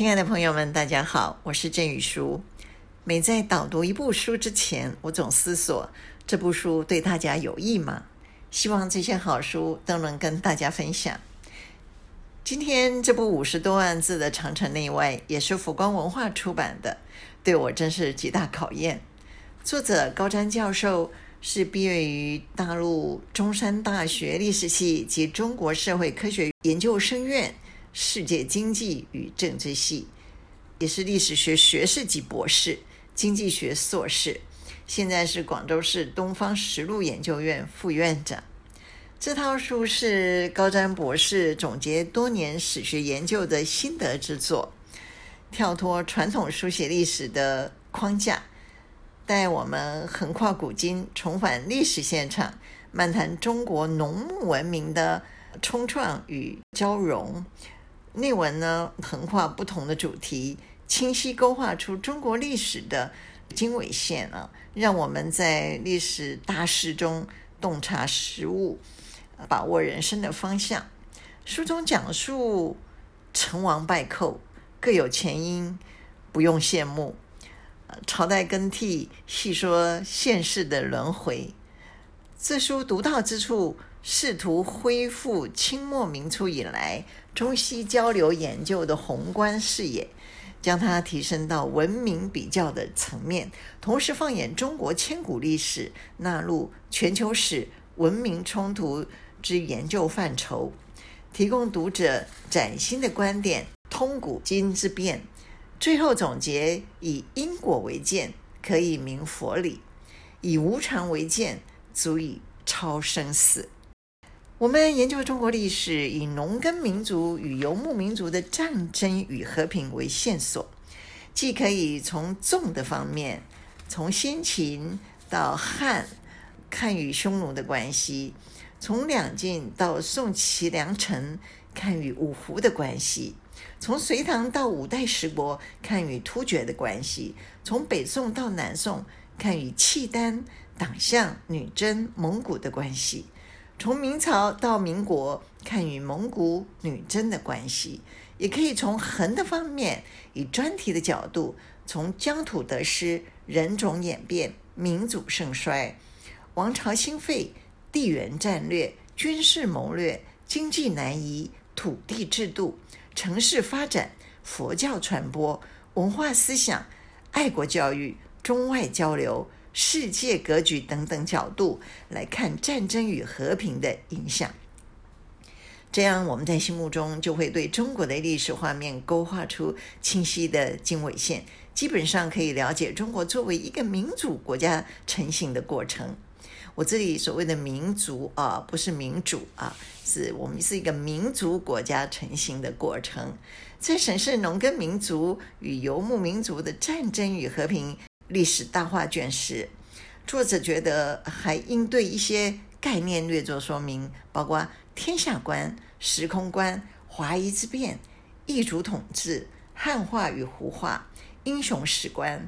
親愛的朋友們，大家好，我是鄭羽書。每在導讀一部書之前，我總思索這部書對大家有益嗎？希望這些好書都能跟大家分享。今天這部五十多萬字的《長城內外》，也是佛光文化出版的，對我真是極大考驗。作者高瞻教授是畢業於大陸中山大學歷史系及中國社會科學研究生院，世界經濟與政治系，也是歷史學學士級博士、經濟學碩士，現在是廣州市東方實錄研究院副院長。這套書是高瞻博士總結多年史學研究的心得之作，跳脫傳統書寫歷史的框架，帶我們橫跨古今，重返歷史現場，漫談中國農牧文明的衝撞與交融。內文呢，橫跨不同的主題，清晰勾畫出中國歷史的經緯線啊，讓我們在歷史大勢中洞察時務，把握人生的方向。書中講述成王敗寇各有前因，不用羨慕。朝代更替，細說現世的輪回。這書獨到之處，試圖恢復清末民初以來。中西交流研究的宏觀視野，將它提升到文明比較的層面，同時放眼中國千古歷史，納入全球史、文明衝突之研究範疇，提供讀者嶄新的觀點，通古今之變。最後總結：以因果為鑑，可以明佛理；以無常為鑑，足以超生死。我們研究中國歷史，以農耕民族與游牧民族的戰爭與和平為線索，既可以從縱的方面，從先秦到漢看與匈奴的關係，從兩晉到宋齊梁陳看與五胡的關係，從隋唐到五代十國看與突厥的關係，從北宋到南宋看與契丹、黨項、女真、蒙古的關係。從明朝到民國看與蒙古女真的關係，也可以從橫的方面，以專題的角度，從疆土得失、人種演變、民族盛衰、王朝興廢、地緣戰略、軍事謀略、經濟南移、土地制度、城市發展、佛教傳播、文化思想、愛國教育、中外交流。世界格局等等角度來看戰爭與和平的影響，這樣我們在心目中就會對中國的歷史畫面勾畫出清晰的經緯線，基本上可以了解中國作為一個民族國家成型的過程。我這裡所謂的民族啊，不是民主啊，是我們是一個民族國家成型的過程。在審視農耕民族與遊牧民族的戰爭與和平歷史大畫卷時，作者覺得還應對一些概念略作說明，包括天下觀、時空觀、華夷之辨、異族統治、漢化與胡化、英雄史觀、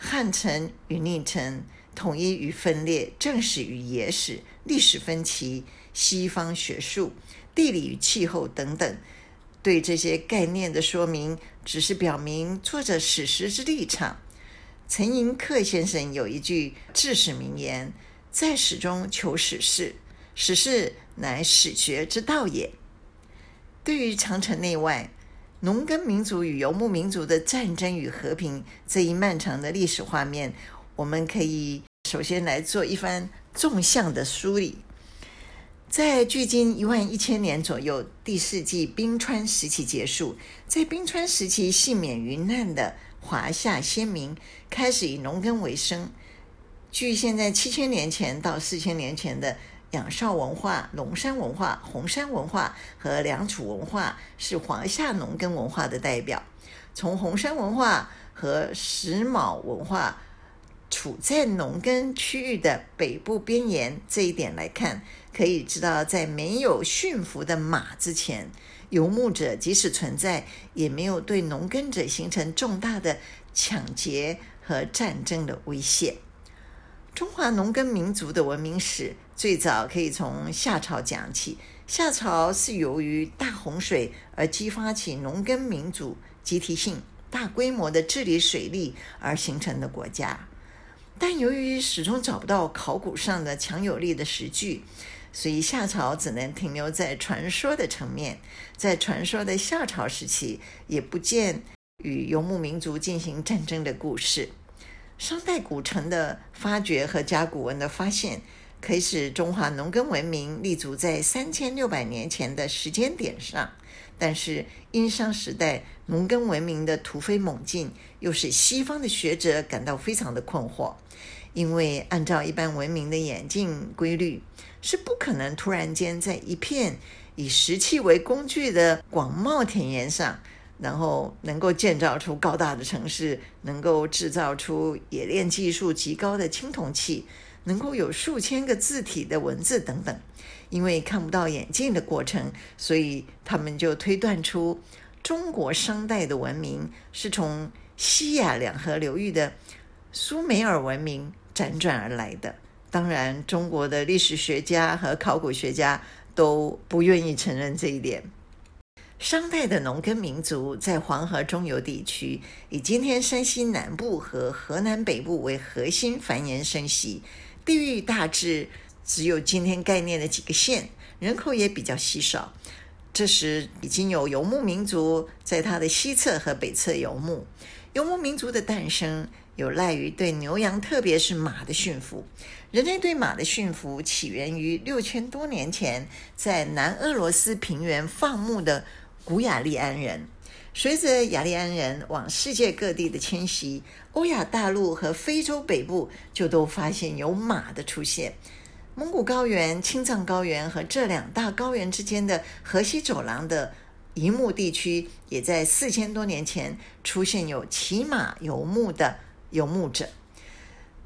漢臣與佞臣、統一與分裂、正史與野史、歷史分歧、西方學術、地理與氣候等等。對這些概念的說明，只是表明作者史實之立場。陳寅恪先生有一句治史名言：“在史中求史事，史事乃史學之道也。”對於長城內外、農耕民族與游牧民族的戰爭與和平這一漫長的歷史畫面，我們可以首先來做一番縱向的梳理。在距今一萬一千年左右，第四紀冰川時期結束，在冰川時期幸免於難的。華夏先民開始以農耕為生。距現在七千年前到四千年前的仰韶文化、龍山文化、紅山文化和良渚文化是華夏農耕文化的代表。從紅山文化和石峁文化處在農耕區域的北部邊沿這一點來看，可以知道，在沒有馴服的馬之前。遊牧者即使存在，也沒有對農耕者形成重大的搶劫和戰爭的威脅。中華農耕民族的文明史最早可以從夏朝講起。夏朝是由於大洪水而激發起農耕民族集體性、大規模的治理水利而形成的國家，但由於始終找不到考古上的強有力的實據。所以夏朝只能停留在傳說的層面，在傳說的夏朝時期，也不見與遊牧民族進行戰爭的故事。商代古城的發掘和甲骨文的發現，可以使中華農耕文明立足在三千六百年前的時間點上。但是殷商時代農耕文明的突飛猛進，又使西方的學者感到非常的困惑。因為按照一般文明的演進規律，是不可能突然間在一片以石器為工具的廣袤田野上，然後能夠建造出高大的城市，能夠製造出冶煉技術極高的青銅器，能夠有數千個字體的文字等等。因為看不到演進的過程，所以他們就推斷出中國商代的文明是從西亞兩河流域的蘇美爾文明，輾轉而來的，當然，中國的歷史學家和考古學家都不願意承認這一點。商代的農耕民族在黃河中游地區，以今天山西南部和河南北部為核心繁衍生息，地域大致只有今天概念的幾個縣，人口也比較稀少。這時，已經有游牧民族在它的西側和北側游牧。游牧民族的誕生，有賴於對牛羊，特別是馬的馴服。人類對馬的馴服起源於六千多年前，在南俄羅斯平原放牧的古雅利安人。隨着雅利安人往世界各地的遷徙，歐亞大陸和非洲北部就都發現有馬的出現。蒙古高原、青藏高原和這兩大高原之間的河西走廊的遊牧地區，也在四千多年前出現有騎馬游牧的。游牧者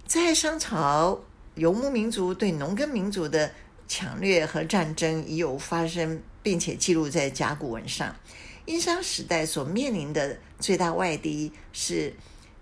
在商朝，游牧民族對農耕民族的搶掠和戰爭已有發生，並且記錄在甲骨文上。殷商時代所面臨的最大外敵是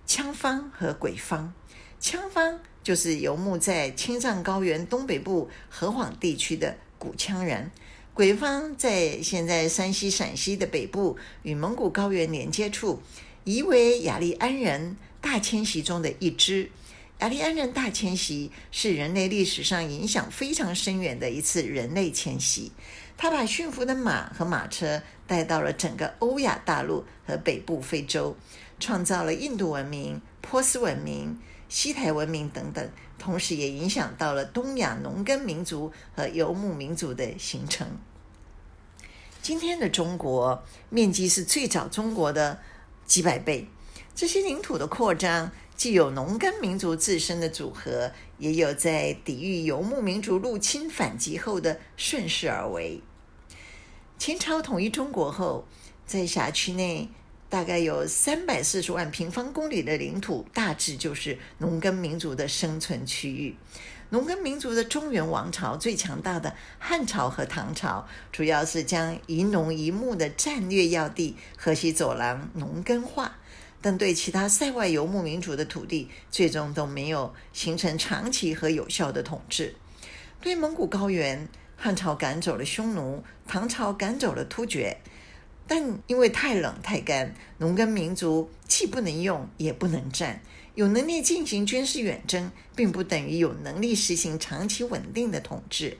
羌方和鬼方。羌方就是游牧在青藏高原東北部河湟地區的古羌人；鬼方在現在山西、陝西的北部與蒙古高原連接處，疑為雅利安人。大遷徙中的一支——雅利安人大遷徙，是人類歷史上影響非常深遠的一次人類遷徙。他把馴服的馬和馬車帶到了整個歐亞大陸和北部非洲，創造了印度文明、波斯文明、西台文明等等，同時也影響到了東亞農耕民族和游牧民族的形成。今天的中國面積是最早中國的幾百倍。這些領土的擴張，既有農耕民族自身的組合，也有在抵禦遊牧民族入侵反擊後的順勢而為。秦朝統一中國後，在轄區內大概有三百四十萬平方公里的領土，大致就是農耕民族的生存區域。農耕民族的中原王朝最強大的漢朝和唐朝，主要是將宜農宜牧的戰略要地河西走廊農耕化。但對其他塞外遊牧民族的土地，最終都沒有形成長期和有效的統治。對蒙古高原，漢朝趕走了匈奴，唐朝趕走了突厥，但因為太冷太乾，農耕民族既不能用，也不能戰。有能力進行軍事遠征，並不等於有能力實行長期穩定的統治。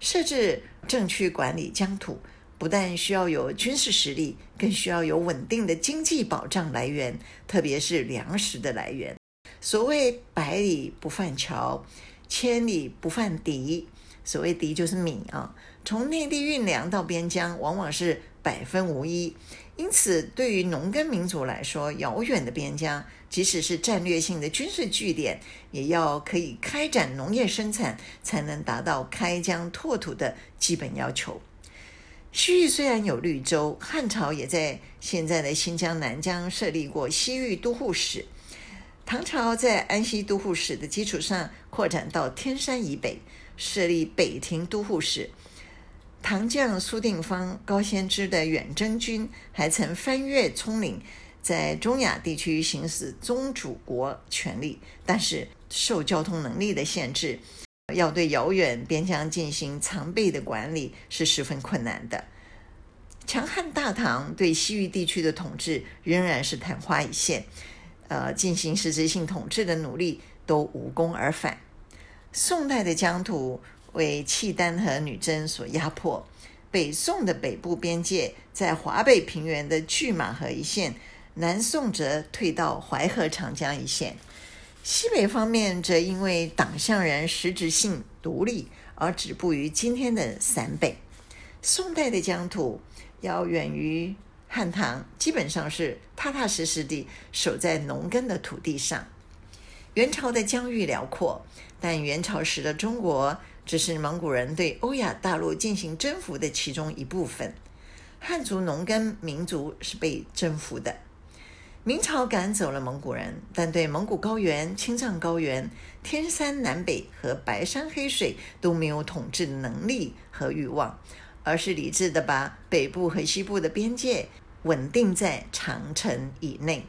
設置政區管理疆土，不但需要有軍事實力，更需要有穩定的經濟保障來源，特別是糧食的來源。所謂“百里不販樵，千里不販糴”，所謂“糴”就是米啊。從內地運糧到邊疆，往往是百分無一。因此，對於農耕民族來說，遙遠的邊疆，即使是戰略性的軍事據點，也要可以開展農業生產，才能達到開疆拓土的基本要求。西域雖然有綠洲，漢朝也在現在的新疆南疆設立過西域都護使。唐朝在安西都護使的基礎上擴展到天山以北，設立北庭都護使。唐將蘇定方、高仙芝的遠征軍還曾翻越蔥嶺，在中亞地區行使宗主國權力，但是受交通能力的限制。要對遙遠邊疆進行常備的管理是十分困難的。強悍大唐對西域地區的統治仍然是曇花一現，呃，進行實質性統治的努力都無功而返。宋代的疆土為契丹和女真所壓迫，北宋的北部邊界在華北平原的拒馬河一線，南宋則退到淮河、長江一線。西北方面則因為黨項人實質性獨立而止步於今天的陝北。宋代的疆土要遠於漢唐，基本上是踏踏實實地守在農耕的土地上。元朝的疆域遼闊，但元朝時的中國只是蒙古人對歐亞大陸進行征服的其中一部分，漢族農耕民族是被征服的。明朝趕走了蒙古人，但對蒙古高原、青藏高原、天山南北和白山黑水都沒有統治的能力和欲望，而是理智地把北部和西部的邊界穩定在長城以內。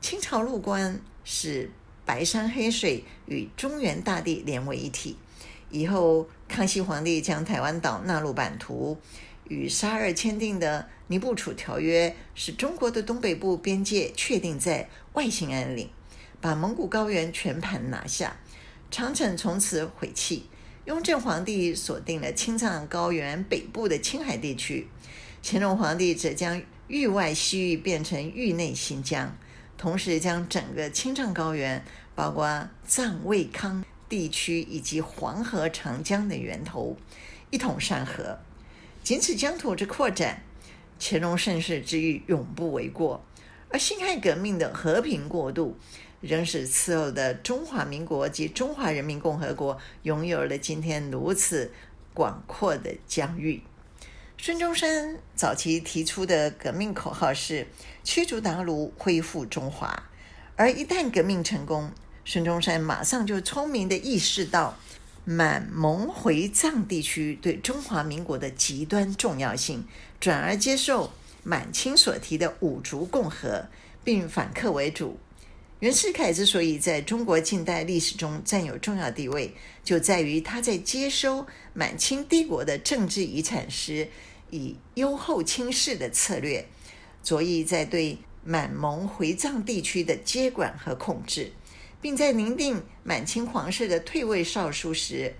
清朝入關，使白山黑水與中原大地連為一體。以後，康熙皇帝將台灣島納入版圖，與沙俄簽訂的。《尼布楚條約》使中國的東北部邊界確定在外興安嶺，把蒙古高原全盤拿下，長城從此毀棄。雍正皇帝鎖定了青藏高原北部的青海地區，乾隆皇帝則將域外西域變成域內新疆，同時將整個青藏高原，包括藏衛康地區以及黃河、長江的源頭一統山河。僅此疆土之擴展。乾隆盛世之譽永不為過，而辛亥革命的和平過渡，仍使此後的中華民國及中華人民共和國擁有了今天如此廣闊的疆域。孫中山早期提出的革命口號是“驅逐韃虜，恢復中華”，而一旦革命成功，孫中山馬上就聰明的意識到滿蒙回藏地區對中華民國的極端重要性。轉而接受滿清所提的五族共和，並反客為主。袁世凱之所以在中國近代歷史中占有重要地位，就在於他在接收滿清帝國的政治遺產時，以優厚清室的策略，着意在對滿蒙回藏地區的接管和控制，並在擬定滿清皇室的退位詔書時，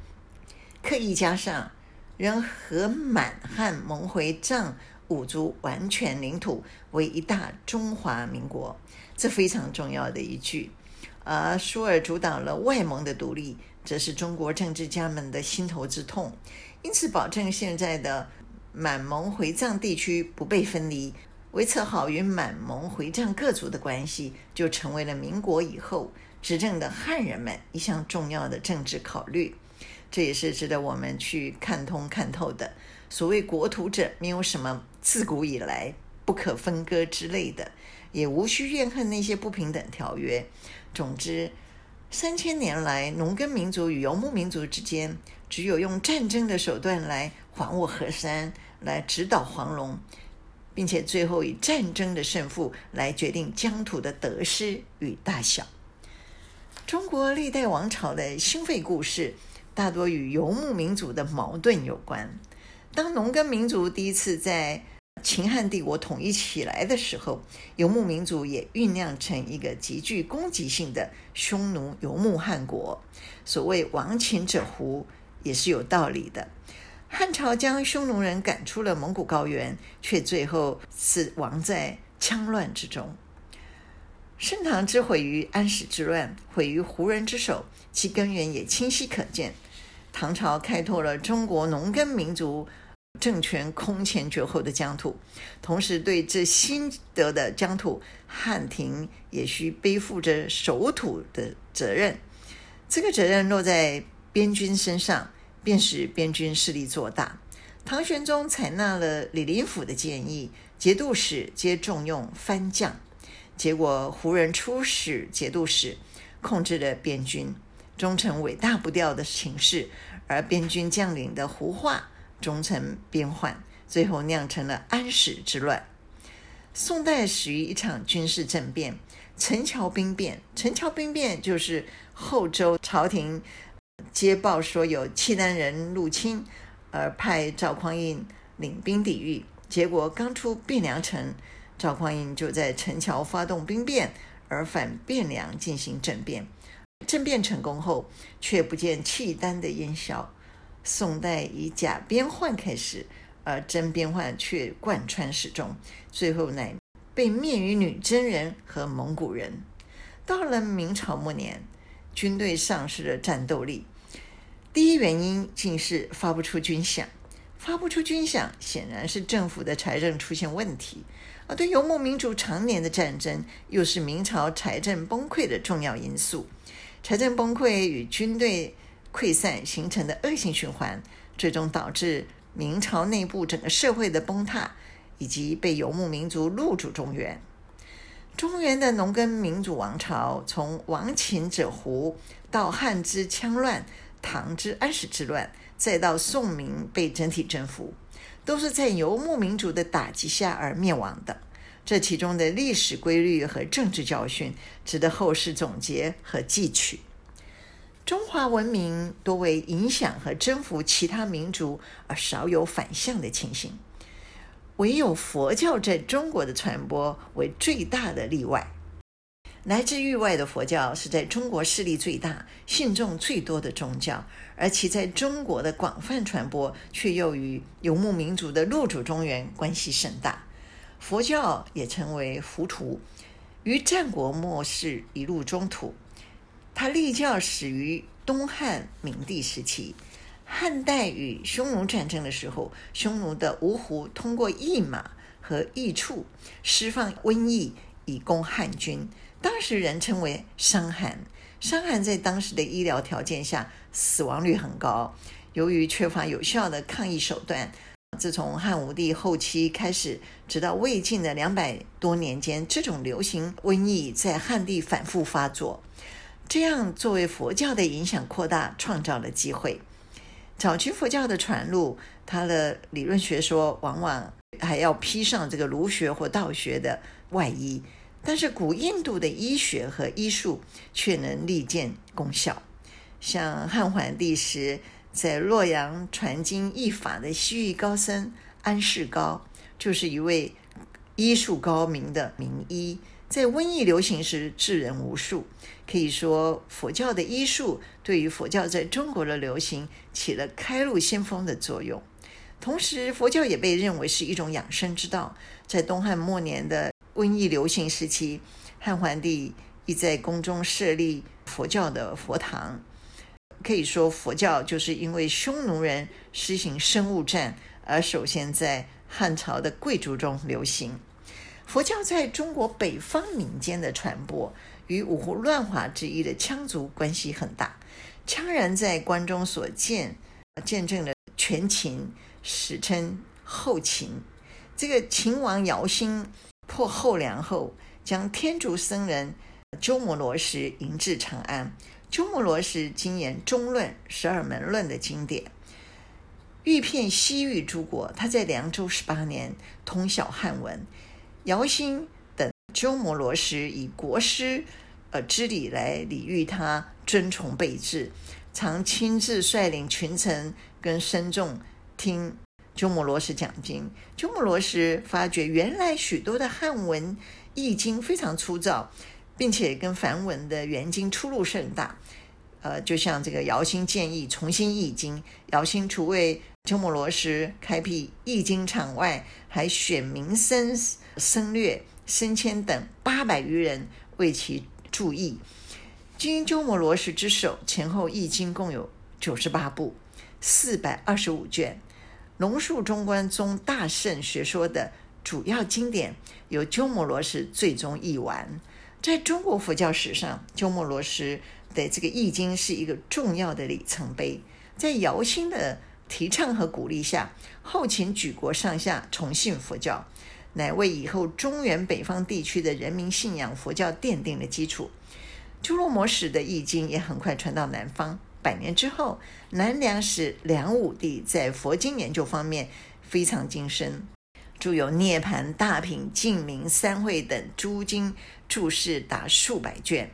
刻意加上，仍和滿、漢、蒙、回、藏五族完全領土為一大中華民國，這非常重要的一句。而、啊、舒爾主導了外蒙的獨立，則是中國政治家們的心頭之痛。因此，保證現在的滿蒙回藏地區不被分離，維持好與滿蒙回藏各族的關係，就成為了民國以後執政的漢人們一項重要的政治考慮。這也是值得我們去看通、看透的。所謂國土者，沒有什麼自古以來不可分割之類的，也無需怨恨那些不平等條約。總之，三千年來，農耕民族與游牧民族之間，只有用戰爭的手段來還我河山，來直搗黃龍，並且最後以戰爭的勝負來決定疆土的得失與大小。中國歷代王朝的興廢故事，大多與遊牧民族的矛盾有關。當農耕民族第一次在秦漢帝國統一起來的時候，遊牧民族也醞釀成一個極具攻擊性的匈奴遊牧汗國。所謂“亡秦者胡”，也是有道理的。漢朝將匈奴人趕出了蒙古高原，卻最後死亡在羌亂之中。盛唐之毀於安史之亂，毀於胡人之手，其根源也清晰可見。唐朝開拓了中國農耕民族政權空前絕後的疆土，同時對這新得的疆土，漢廷也需背負着守土的責任。這個責任落在邊軍身上，便使邊軍勢力做大。唐玄宗採納了李林甫的建議，節度使皆重用藩將，結果胡人出使節度使，控制了邊軍。忠臣尾大不掉的情勢，而邊軍將領的胡化，終成邊患，最後釀成了安史之亂。宋代始於一場軍事政變——陳橋兵變。陳橋兵變就是後周朝廷接報說有契丹人入侵，而派趙匡胤領兵抵御。結果剛出汴梁城，趙匡胤就在陳橋發動兵變，而返汴梁進行政變。政變成功後，卻不見契丹的煙消。宋代以假邊患開始，而真邊患卻貫穿始終。最後乃被滅於女真人和蒙古人。到了明朝末年，軍隊喪失了戰鬥力。第一原因竟是發不出軍餉，發不出軍餉，顯然是政府的財政出現問題。而對游牧民族常年的戰爭，又是明朝財政崩潰的重要因素。財政崩潰與軍隊潰散形成的惡性循環，最終導致明朝內部整個社會的崩塌，以及被游牧民族入主中原。中原的農耕民族王朝，從亡秦者胡到漢之羌亂、唐之安史之亂，再到宋明被整體征服，都是在游牧民族的打擊下而滅亡的。這其中的歷史規律和政治教訓，值得後世總結和汲取。中華文明多為影響和征服其他民族，而少有反向的情形。唯有佛教在中國的傳播為最大的例外。來自域外的佛教是在中國勢力最大、信眾最多的宗教，而其在中國的廣泛傳播，卻又與遊牧民族的入主中原關係甚大。佛教也稱為浮屠，於戰國末世引入中土。它立教始於東漢明帝時期。漢代與匈奴戰爭的時候，匈奴的巫胡通過疫馬和疫畜釋放瘟疫以攻漢軍。當時人稱為傷寒。傷寒在當時的醫療條件下死亡率很高，由於缺乏有效的抗疫手段，自從漢武帝後期開始，直到魏晉的兩百多年間，這種流行瘟疫在漢地反復發作，這樣作為佛教的影響擴大，創造了機會。早期佛教的傳入，它的理論學說往往還要披上這個儒學或道學的外衣，但是古印度的醫學和醫術卻能立見功效，像漢桓帝時，在洛陽傳經譯法的西域高僧安世高，就是一位醫術高明的名醫，在瘟疫流行時治人無數。可以說，佛教的醫術對於佛教在中國的流行起了開路先鋒的作用。同時，佛教也被認為是一種養生之道。在東漢末年的瘟疫流行時期，漢桓帝已在宮中設立佛教的佛堂。可以說，佛教就是因為匈奴人實行生物戰，而首先在漢朝的貴族中流行。佛教在中國北方民間的傳播，與五胡亂華之一的羌族關係很大。羌人在關中所建，見證了全秦，史稱後秦。這個秦王姚興破後涼後，將天竺僧人鳩摩羅什迎至長安。鳩摩羅什精研中論十二門論的經典，欲遍西域諸國。他在涼州十八年通曉漢文，姚興等鳩摩羅什以國師，呃之禮來禮遇他，尊崇備至，常親自率領群臣跟僧眾聽鳩摩羅什講經。鳩摩羅什發覺原來許多的漢文譯經非常粗糙。並且跟梵文的原經出入甚大，呃，就像這個姚興建議重新譯經。姚興除為鳩摩羅什開闢譯經場外，還選名僧僧略、僧遷等八百餘人為其助譯。經鳩摩羅什之手，前後譯經共有九十八部、四百二十五卷，龍樹中觀宗大聖學說的主要經典，由鳩摩羅什最終譯完。在中國佛教史上，鳩摩羅什的這個譯經是一個重要的里程碑。在姚興的提倡和鼓勵下，後秦舉國上下崇信佛教，乃為以後中原北方地區的人民信仰佛教奠定了基礎。鳩摩羅什的譯經也很快傳到南方。百年之後，南梁時，梁武帝在佛經研究方面非常精深。著有《涅槃大品》、《淨名三會》等諸經注釋，達數百卷。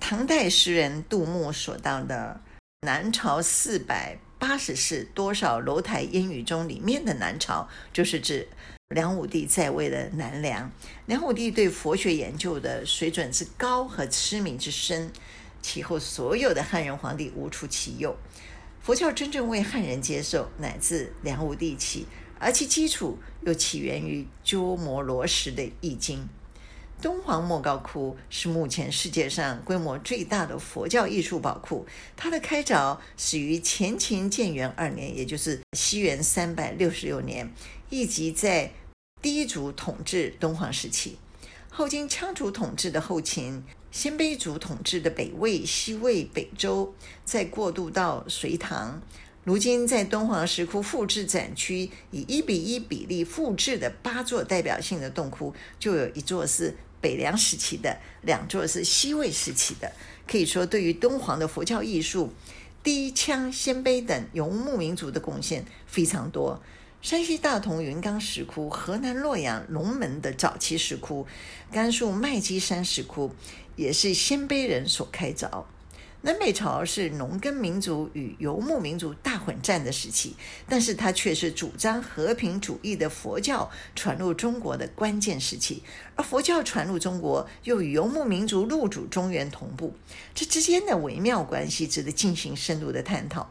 唐代詩人杜牧所道的“南朝四百八十寺，多少樓臺煙雨中”裡面的“南朝”就是指梁武帝在位的南梁。梁武帝對佛學研究的水準之高和癡迷之深，其後所有的漢人皇帝無出其右。佛教真正為漢人接受，乃至梁武帝起。而其基礎又起源於鳩摩羅什的《譯經》。敦煌莫高窟是目前世界上規模最大的佛教藝術寶庫。它的開鑿始於前秦建元二年，也就是西元三百六十六年，以及在氐族統治敦煌時期。後經羌族統治的後秦、鮮卑族統治的北魏、西魏、北周，再過渡到隋唐。如今在敦煌石窟複製展區，以一比一比例複製的八座代表性的洞窟，就有一座是北涼時期的，兩座是西魏時期的。可以說，對於敦煌的佛教藝術、氐羌鮮卑等遊牧民族的貢獻非常多。山西大同雲岡石窟、河南洛陽龍門的早期石窟、甘肅麥積山石窟，也是鮮卑人所開鑿。南北朝是農耕民族與遊牧民族大混戰的時期，但是它卻是主張和平主義的佛教傳入中國的關鍵時期。而佛教傳入中國，又與遊牧民族入主中原同步，這之間的微妙關係值得進行深入的探討。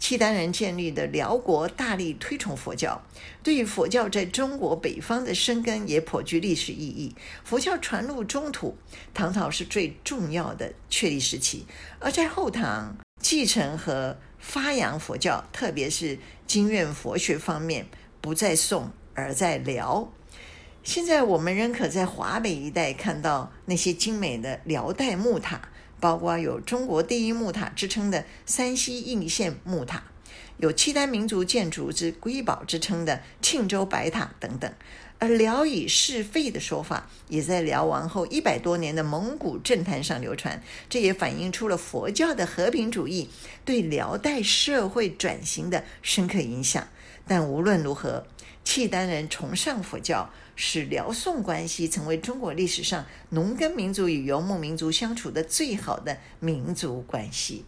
契丹人建立的遼國大力推崇佛教，對於佛教在中國北方的生根也頗具歷史意義。佛教傳入中土，唐朝是最重要的確立時期，而在後唐繼承和發揚佛教，特別是經院佛學方面，不在宋而在遼。現在我們仍可在華北一帶看到那些精美的遼代木塔。包括有“中國第一木塔”之稱的山西應縣木塔，有“契丹民族建築之瑰寶”之稱的慶州白塔等等。而“遼以釋廢”的說法也在遼亡後一百多年的蒙古政壇上流傳，這也反映出了佛教的和平主義對遼代社會轉型的深刻影響。但無論如何，契丹人崇尚佛教。使遼宋關係成為中國歷史上農耕民族與遊牧民族相處的最好的民族關係，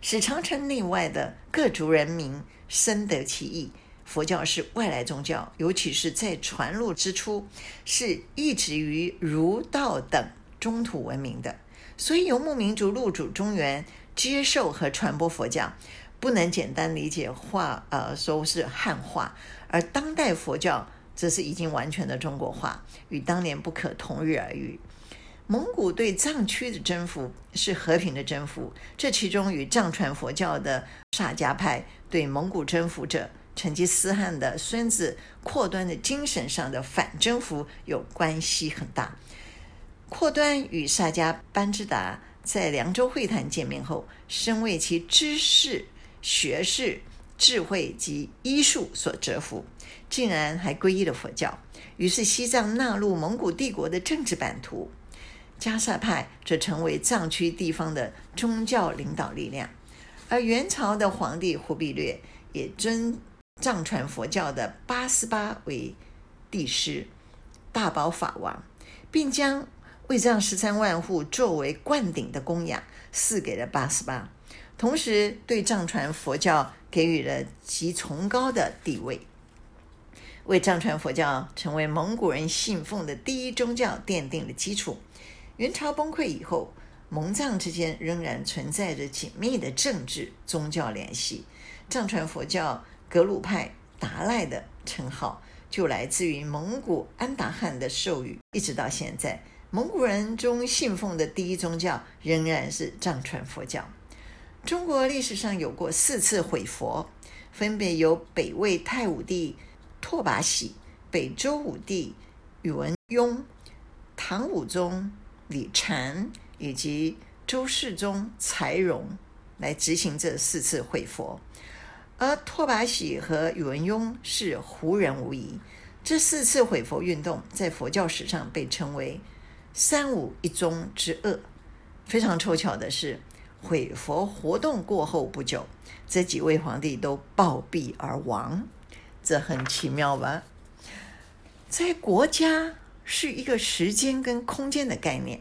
使長城內外的各族人民深得其益。佛教是外來宗教，尤其是在傳入之初，是一直於儒道等中土文明的。所以，遊牧民族入主中原，接受和傳播佛教，不能簡單理解化，呃，說是漢化。而當代佛教。這是已經完全的中國化，與當年不可同日而語。蒙古對藏區的征服是和平的征服，這其中與藏傳佛教的薩迦派對蒙古征服者成吉思汗的孫子闊端的精神上的反征服有關係很大。闊端與薩迦班智達在涼州會談見面後，深為其知識、學識、智慧及醫術所折服，竟然還皈依了佛教，於是西藏納入蒙古帝國的政治版圖。加薩派則成為藏區地方的宗教領導力量，而元朝的皇帝忽必烈也尊藏傳佛教的八思巴為帝師、大寶法王，並將衛藏十三萬戶作為灌頂的供養，賜給了八思巴，同時對藏傳佛教給予了極崇高的地位。為藏傳佛教成為蒙古人信奉的第一宗教奠定了基礎。元朝崩潰以後，蒙藏之間仍然存在着緊密的政治宗教聯繫。藏傳佛教格魯派達賴的稱號就來自於蒙古安達汗的授予。一直到現在，蒙古人中信奉的第一宗教仍然是藏傳佛教。中國歷史上有過四次毀佛，分別由北魏太武帝、拓跋喜、北周武帝宇文邕、唐武宗李禪以及周世宗柴榮來執行這四次毀佛，而拓跋喜和宇文邕是胡人無疑。這四次毀佛運動在佛教史上被稱為“三武一宗之厄”。非常湊巧的是，毀佛活動過後不久，這幾位皇帝都暴斃而亡。這很奇妙吧？在國家是一個時間跟空間的概念，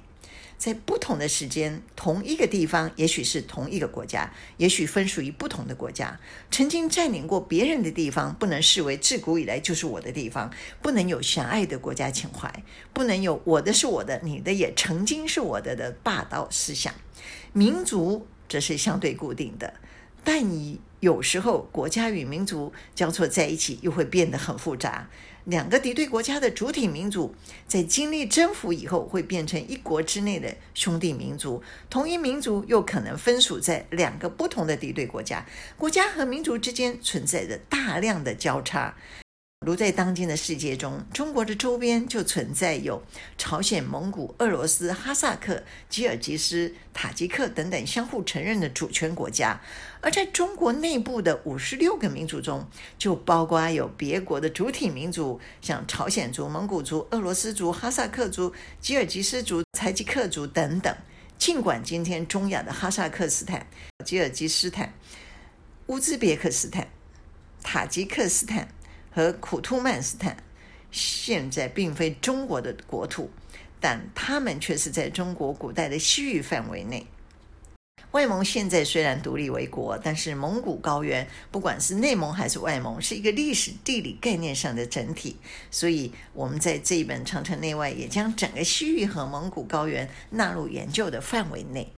在不同的時間同一個地方，也許是同一個國家，也許分屬於不同的國家。曾經佔領過別人的地方，不能視為自古以來就是我的地方，不能有狹隘的國家情懷，不能有“我的是我的，你的也曾經是我的”的霸道思想。民族則是相對固定的，但你。有時候，國家與民族交錯在一起，又會變得很複雜。兩個敵對國家的主體民族，在經歷征服以後，會變成一國之內的兄弟民族。同一民族又可能分屬在兩個不同的敵對國家。國家和民族之間存在着大量的交叉。如在當今的世界中，中國的周邊就存在有朝鮮、蒙古、俄羅斯、哈薩克、吉爾吉斯、塔吉克等等相互承認的主權國家；而在中國內部的五十六個民族中，就包括有別國的主體民族，像朝鮮族、蒙古族、俄羅斯族、哈薩克族、吉爾吉斯族、柴吉克族等等。儘管今天中亞的哈薩克斯坦、吉爾吉斯坦、烏茲別克斯坦、塔吉克斯坦，和土庫曼斯坦現在並非中國的國土，但他們卻是在中國古代的西域範圍內。外蒙現在雖然獨立為國，但是蒙古高原，不管是內蒙還是外蒙，是一個歷史地理概念上的整體，所以我們在這一本《長城內外》也將整個西域和蒙古高原納入研究的範圍內。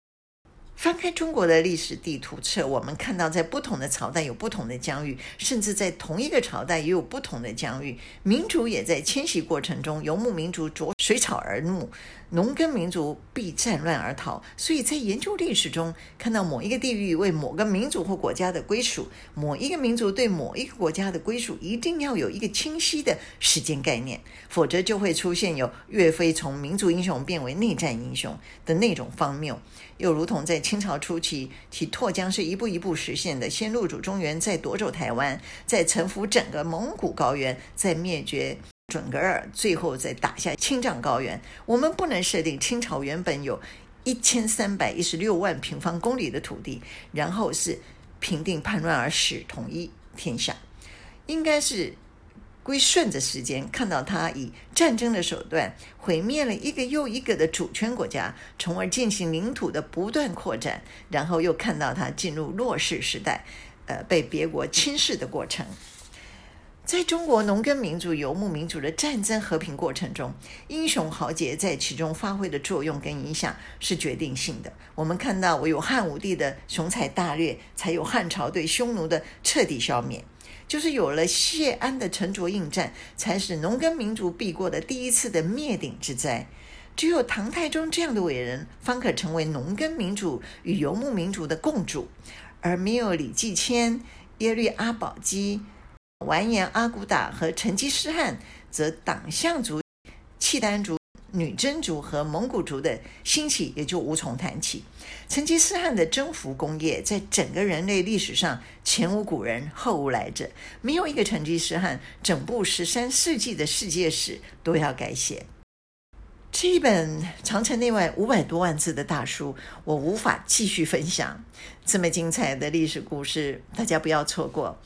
翻開中國的歷史地圖冊，我們看到在不同的朝代有不同的疆域，甚至在同一個朝代也有不同的疆域。民族也在遷徙過程中，游牧民族逐水草而牧，農耕民族避戰亂而逃。所以在研究歷史中，看到某一個地域為某個民族或國家的歸屬，某一個民族對某一個國家的歸屬，一定要有一個清晰的時間概念，否則就會出現有岳飛從民族英雄變為內戰英雄的那種荒謬。又如同在。清朝初期，其拓疆是一步一步實現的：先入主中原，再奪走台灣，再臣服整個蒙古高原，再滅絕準噶爾，最後再打下青藏高原。我們不能設定清朝原本有一千三百一十六萬平方公里的土地，然後是平定叛亂而使統一天下，應該是。歸順的時間，看到他以戰爭的手段毀滅了一個又一個的主權國家，從而進行領土的不斷擴展，然後又看到他進入弱勢時代，呃，被別國輕視的過程。在中國農耕民族、遊牧民族的戰爭和平過程中，英雄豪傑在其中發揮的作用跟影響是決定性的。我們看到，我有漢武帝的雄才大略，才有漢朝對匈奴的徹底消滅。就是有了謝安的沉着應戰，才使農耕民族避過的第一次的滅頂之災。只有唐太宗這樣的偉人，方可成為農耕民族與游牧民族的共主；而沒有李繼遷、耶律阿保機、完顏阿骨打和成吉思汗，則党項族、契丹族。女真族和蒙古族的興起也就無從談起。成吉思汗的征服功業在整個人類歷史上前無古人，後無來者，沒有一個成吉思汗，整部十三世紀的世界史都要改寫。這一本《長城內外》五百多萬字的大書，我無法繼續分享這麼精彩的歷史故事，大家不要錯過，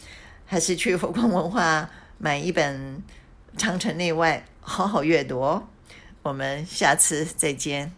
還是去佛光文化買一本《長城內外》，好好閱讀哦。我們下次再見。